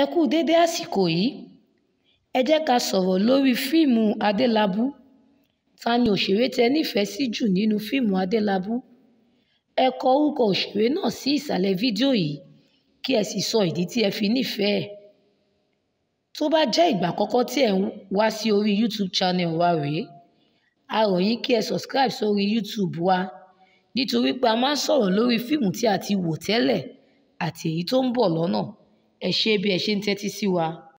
ẹ kú dédé àsìkò yìí ẹ jẹ́ ká sọ̀rọ̀ lórí fíìmù adélábù ta ni òṣèré tẹ nífẹ̀ẹ́ sí jù nínú fíìmù adélábù ẹ kọ orúkọ òṣèré náà sí ìsàlẹ̀ fídíò yìí kí ẹ sì sọ ìdí tí ẹ fi nífẹ̀ẹ́ ẹ̀ tó bá jẹ́ ìgbà àkọ́kọ́ tí ẹ ń wá sí orí youtube channel wa rèé a rọ̀ yín kí ẹ subscribe sórí youtube wa nítorí pé a máa ń sọ̀rọ̀ lórí fíìmù tí a ti wò tẹ́lẹ̀ àti èyí tó ń bọ̀ lọ́nà Ẹ ṣé bí ẹ ṣe ń tẹ́tí sí wa.